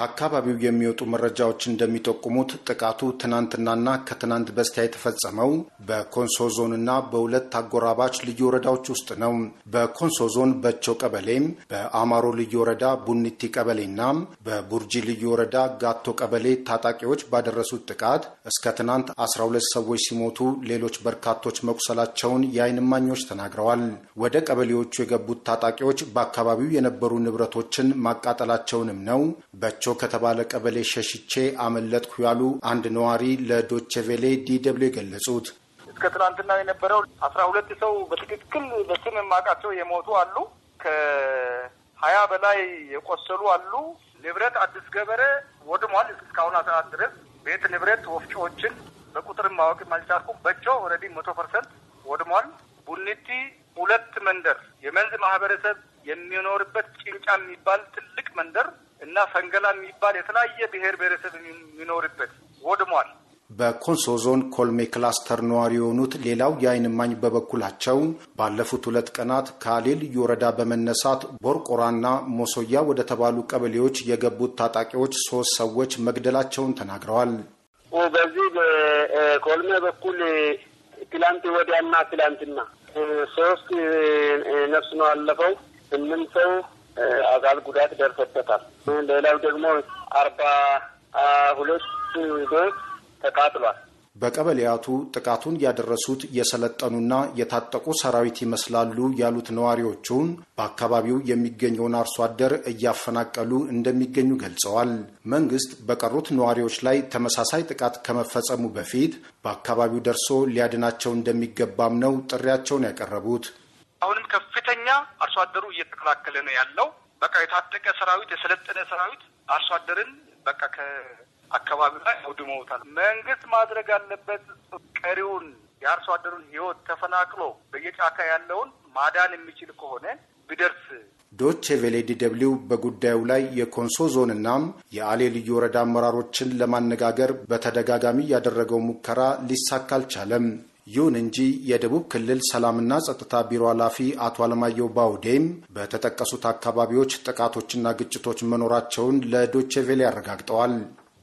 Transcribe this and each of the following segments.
ከአካባቢው የሚወጡ መረጃዎች እንደሚጠቁሙት ጥቃቱ ትናንትናና ከትናንት በስቲያ የተፈጸመው በኮንሶ ዞንና በሁለት አጎራባች ልዩ ወረዳዎች ውስጥ ነው። በኮንሶ ዞን በቸው ቀበሌ፣ በአማሮ ልዩ ወረዳ ቡኒቲ ቀበሌና በቡርጂ ልዩ ወረዳ ጋቶ ቀበሌ ታጣቂዎች ባደረሱት ጥቃት እስከ ትናንት 12 ሰዎች ሲሞቱ ሌሎች በርካቶች መቁሰላቸውን የአይን እማኞች ተናግረዋል። ወደ ቀበሌዎቹ የገቡት ታጣቂዎች በአካባቢው የነበሩ ንብረቶችን ማቃጠላቸውንም ነው በቸው ናቸው ከተባለ ቀበሌ ሸሽቼ አመለጥኩ ያሉ አንድ ነዋሪ ለዶቼቬሌ ዲደብሊው የገለጹት እስከ ትናንትና የነበረው አስራ ሁለት ሰው በትክክል በስም የማውቃቸው የሞቱ አሉ። ከሀያ በላይ የቆሰሉ አሉ። ንብረት አዲስ ገበረ ወድሟል። እስካሁን አንድ ድረስ ቤት ንብረት ወፍጮዎችን በቁጥር ማወቅ አልቻልኩም። በጮ ኦልሬዲ መቶ ፐርሰንት ወድሟል። ቡኒቲ ሁለት መንደር የመንዝ ማህበረሰብ የሚኖርበት ጭንጫ የሚባል ትልቅ መንደር እና ፈንገላ የሚባል የተለያየ ብሔር ብሔረሰብ የሚኖርበት ወድሟል። በኮንሶ ዞን ኮልሜ ክላስተር ነዋሪ የሆኑት ሌላው የአይን ማኝ በበኩላቸው ባለፉት ሁለት ቀናት ከአሌ ልዩ ወረዳ በመነሳት ቦርቆራና ሞሶያ ወደ ተባሉ ቀበሌዎች የገቡት ታጣቂዎች ሶስት ሰዎች መግደላቸውን ተናግረዋል። በዚህ በኮልሜ በኩል ትላንት ወዲያና ትላንትና ሶስት ነፍስ ነው ያለፈው። ስምንት ሰው አካል ጉዳት ደርሶበታል። ሌላው ደግሞ አርባ ሁለት ቤት ተቃጥሏል። በቀበሌያቱ ጥቃቱን ያደረሱት የሰለጠኑና የታጠቁ ሰራዊት ይመስላሉ ያሉት ነዋሪዎቹን በአካባቢው የሚገኘውን አርሶ አደር እያፈናቀሉ እንደሚገኙ ገልጸዋል። መንግስት በቀሩት ነዋሪዎች ላይ ተመሳሳይ ጥቃት ከመፈጸሙ በፊት በአካባቢው ደርሶ ሊያድናቸው እንደሚገባም ነው ጥሪያቸውን ያቀረቡት። አሁንም ከፍተኛ አርሶ አደሩ እየተከላከለ ነው ያለው። በቃ የታጠቀ ሰራዊት፣ የሰለጠነ ሰራዊት አርሶ አደርን በቃ ከአካባቢው ላይ አውድመውታል። መንግስት ማድረግ ያለበት ቀሪውን የአርሶ አደሩን ህይወት ተፈናቅሎ በየጫካ ያለውን ማዳን የሚችል ከሆነ ቢደርስ ዶች ቬሌ ዲደብሊው በጉዳዩ ላይ የኮንሶ ዞንና የአሌ ልዩ ወረዳ አመራሮችን ለማነጋገር በተደጋጋሚ ያደረገው ሙከራ ሊሳካ አልቻለም። ይሁን እንጂ የደቡብ ክልል ሰላምና ጸጥታ ቢሮ ኃላፊ አቶ አለማየሁ ባውዴም በተጠቀሱት አካባቢዎች ጥቃቶችና ግጭቶች መኖራቸውን ለዶቼቬሌ አረጋግጠዋል።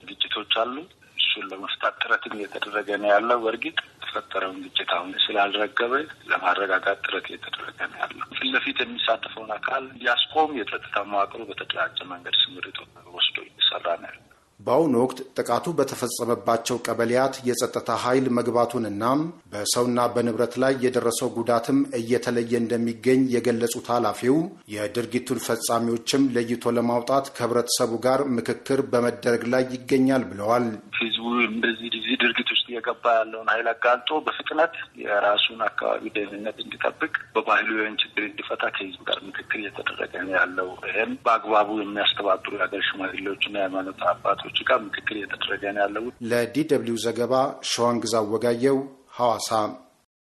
ግጭቶች አሉ። እሱን ለመፍታት ጥረትም እየተደረገ ነው ያለው። በእርግጥ የተፈጠረውን ግጭት አሁን ስላልረገበ ለማረጋጋት ጥረት እየተደረገ ነው ያለው። ፊት ለፊት የሚሳተፈውን አካል እንዲያስቆም የጸጥታ መዋቅሩ በተደራጀ መንገድ ስምሪቱ ወስዶ እየሰራ ነው ያለው። በአሁኑ ወቅት ጥቃቱ በተፈጸመባቸው ቀበሌያት የጸጥታ ኃይል መግባቱንና በሰውና በንብረት ላይ የደረሰው ጉዳትም እየተለየ እንደሚገኝ የገለጹት ኃላፊው የድርጊቱን ፈጻሚዎችም ለይቶ ለማውጣት ከህብረተሰቡ ጋር ምክክር በመደረግ ላይ ይገኛል ብለዋል። ህዝቡ እንደዚህ ጊዜ ድርጊት ውስጥ እየገባ ያለውን ኃይል አጋልጦ በፍጥነት የራሱን አካባቢ ደህንነት እንዲጠብቅ በባህሉ ወይን ችግር እንዲፈታ ከህዝቡ ጋር ምክክር እየተደረገ ያለው። ይህም በአግባቡ የሚያስተባብሩ የሀገር ሽማግሌዎችና የሃይማኖት አባቶች ፓርቲዎች ጋር ምክክር እየተደረገ ነው ያለው። ለዲ ደብልዩ ዘገባ ሸዋንግዛ ወጋየው ሐዋሳ